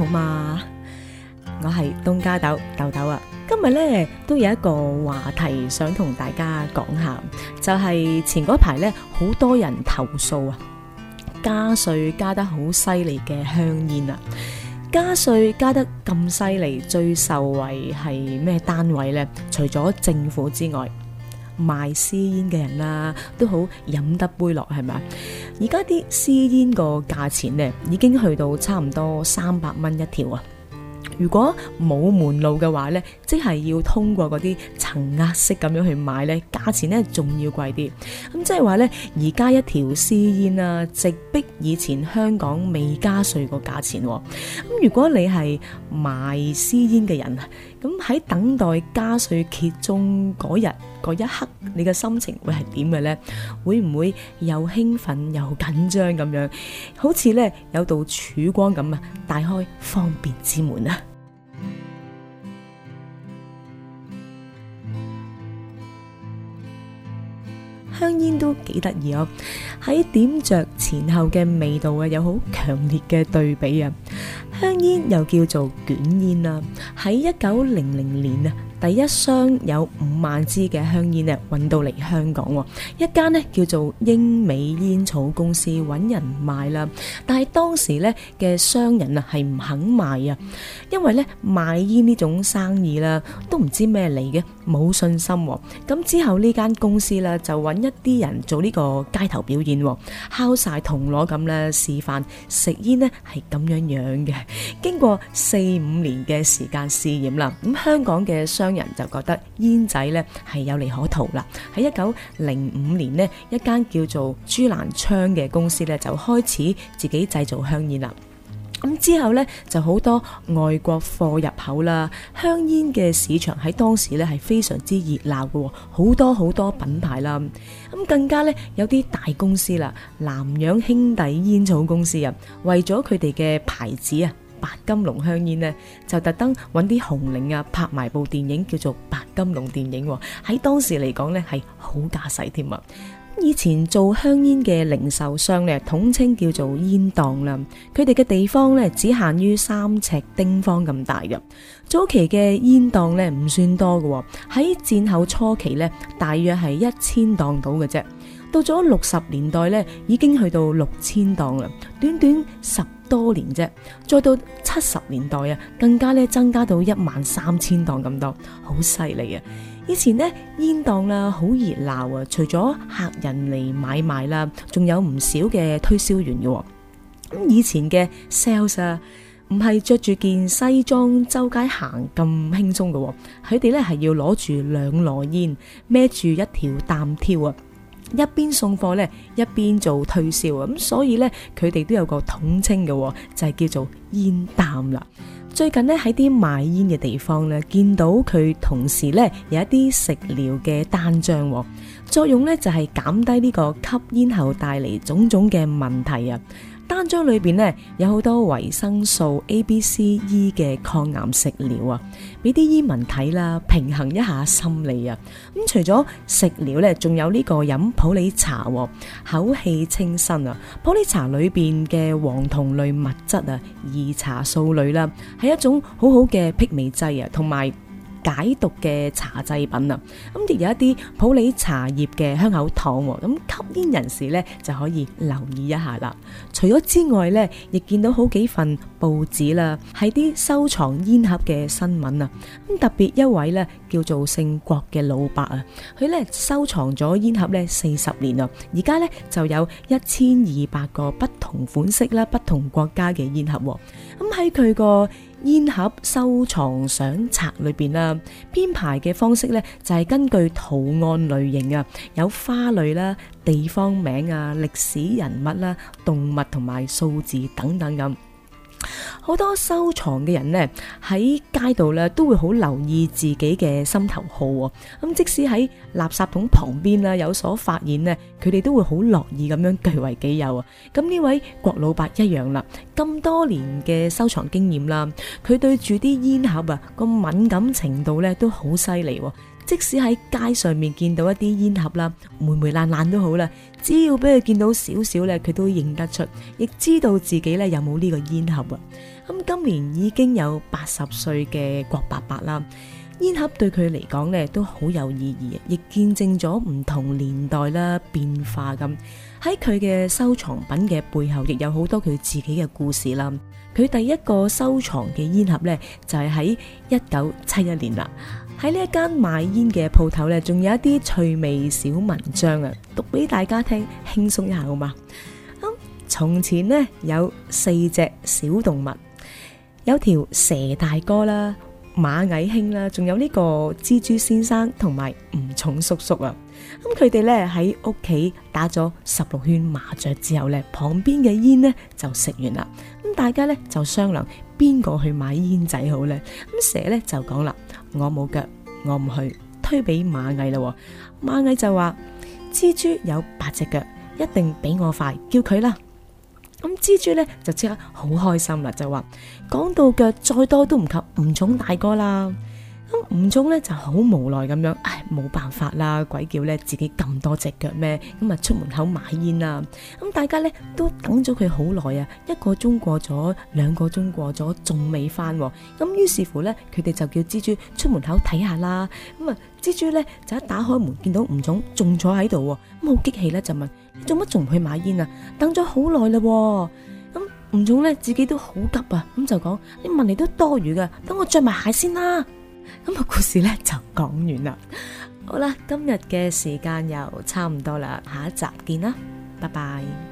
好嘛，我係東加豆豆豆啊，今日咧都有一個話題想同大家講下，就係前嗰排咧好多人投訴啊，加稅加得好犀利嘅香煙啊，加稅加得咁犀利，最受惠係咩單位咧？除咗政府之外。賣私煙嘅人啦，都好飲得杯落係咪啊？而家啲私煙個價錢呢，已經去到差唔多三百蚊一條啊！如果冇門路嘅話呢，即係要通過嗰啲層壓式咁樣去買呢，價錢呢仲要貴啲。咁即係話呢，而家一條私煙啊，直逼以前香港未加稅個價錢。咁如果你係賣私煙嘅人啊，咁喺等待加稅揭盅嗰日。嗰一刻，你嘅心情會係點嘅呢？會唔會又興奮又緊張咁樣？好似呢有道曙光咁啊，大開方便之門啊！香煙都幾得意啊，喺點着前後嘅味道啊，有好強烈嘅對比啊！香煙又叫做捲煙啊，喺一九零零年啊。第一箱有五萬支嘅香煙咧，運到嚟香港，一間咧叫做英美煙草公司揾人賣啦。但係當時咧嘅商人啊，係唔肯賣啊，因為咧賣煙呢種生意啦，都唔知咩嚟嘅，冇信心。咁之後呢間公司咧就揾一啲人做呢個街頭表演，敲曬銅鑼咁咧示範食煙咧係咁樣樣嘅。經過四五年嘅時間試驗啦，咁香港嘅商人就覺得煙仔呢係有利可圖啦。喺一九零五年呢一間叫做朱蘭昌嘅公司呢，就開始自己製造香煙啦。咁之後呢，就好多外國貨入口啦，香煙嘅市場喺當時呢係非常之熱鬧嘅，好多好多品牌啦。咁更加呢，有啲大公司啦，南洋兄弟煙草公司啊，為咗佢哋嘅牌子啊。白金龍香煙呢，就特登揾啲紅伶啊，拍埋部電影叫做《白金龍電影》，喺當時嚟講呢，係好架勢添啊！以前做香煙嘅零售商呢，統稱叫做煙檔啦，佢哋嘅地方呢，只限於三尺丁方咁大㗎。早期嘅煙檔呢，唔算多嘅，喺戰後初期呢，大約係一千檔到嘅啫。到咗六十年代呢，已經去到六千檔啦，短短十。多年啫，再到七十年代啊，更加咧增加到一萬三千檔咁多，好犀利啊！以前呢煙檔啊，好熱鬧啊，除咗客人嚟買賣啦，仲有唔少嘅推銷員嘅喎。咁以前嘅 sales 唔係着住件西裝周街行咁輕鬆嘅，佢哋咧係要攞住兩籮煙，孭住一條擔挑啊！一邊送貨咧，一邊做推銷啊！咁所以咧，佢哋都有個統稱嘅，就係叫做煙擔啦。最近咧喺啲賣煙嘅地方咧，見到佢同時咧有一啲食療嘅單張，作用咧就係減低呢個吸煙後帶嚟種種嘅問題啊。單張裏邊呢，有好多維生素 A、B、C、E 嘅抗癌食料啊，俾啲煙民睇啦，平衡一下心理啊。咁除咗食料呢，仲有呢個飲普洱茶，口氣清新啊。普洱茶裏邊嘅黃酮類物質啊，兒茶素類啦，係一種好好嘅辟味劑啊，同埋。解毒嘅茶製品啊，咁亦有一啲普洱茶葉嘅香口糖喎，咁吸煙人士呢就可以留意一下啦。除咗之外呢，亦見到好幾份報紙啦，係啲收藏煙盒嘅新聞啊。咁特別一位呢叫做姓郭嘅老伯啊，佢呢收藏咗煙盒呢四十年啊，而家呢，就有一千二百個不同款式啦、不同國家嘅煙盒喎。咁喺佢個煙盒收藏相冊裏邊啦，編排嘅方式咧就係根據圖案類型啊，有花類啦、地方名啊、歷史人物啦、動物同埋數字等等咁。好多收藏嘅人呢，喺街度呢，都會好留意自己嘅心頭好啊！咁即使喺垃圾桶旁邊啊有所發現呢，佢哋都會好樂意咁樣據為己有啊！咁呢位郭老伯一樣啦，咁多年嘅收藏經驗啦，佢對住啲煙盒啊個敏感程度呢，都好犀利。即使喺街上面見到一啲煙盒啦，霉霉爛爛都好啦，只要俾佢見到少少咧，佢都認得出，亦知道自己咧有冇呢個煙盒啊。咁、嗯、今年已經有八十歲嘅郭伯伯啦，煙盒對佢嚟講咧都好有意義，亦見證咗唔同年代啦變化。咁喺佢嘅收藏品嘅背後，亦有好多佢自己嘅故事啦。佢第一個收藏嘅煙盒咧，就係喺一九七一年啦。喺呢一間賣煙嘅鋪頭呢，仲有一啲趣味小文章啊，讀俾大家聽，輕鬆一下好嗎？咁、嗯、從前呢，有四隻小動物，有一條蛇大哥啦、螞蟻兄啦，仲有呢個蜘蛛先生同埋蜈蟲叔叔啊。咁佢哋呢，喺屋企打咗十六圈麻雀之後呢，旁邊嘅煙呢，就食完啦。咁大家呢，就商量。邊個去買煙仔好呢？咁蛇咧就講啦，我冇腳，我唔去，推俾螞蟻啦。螞蟻就話，蜘蛛有八隻腳，一定比我快，叫佢啦。咁蜘蛛咧就即刻好開心啦，就話講到腳再多都唔及蜈蚣大哥啦。咁吳總咧就好無奈咁樣，唉冇辦法啦，鬼叫咧自己咁多隻腳咩？咁啊出門口買煙啦，啊。咁大家咧都等咗佢好耐啊，一個鐘過咗，兩個鐘過咗仲未翻。咁於是乎咧，佢哋就叫蜘蛛出門口睇下啦。咁、嗯、啊，蜘蛛咧就一打開門，見到吳總仲坐喺度，啊、咁、嗯、好激氣咧就問：你做乜仲唔去買煙啊？等咗好耐啦。咁吳總咧自己都好急啊，咁就講：你問嚟都多餘噶，等我着埋鞋先啦。咁個故事咧，就講完啦，好啦，今日嘅時間又差唔多啦，下一集見啦，拜拜。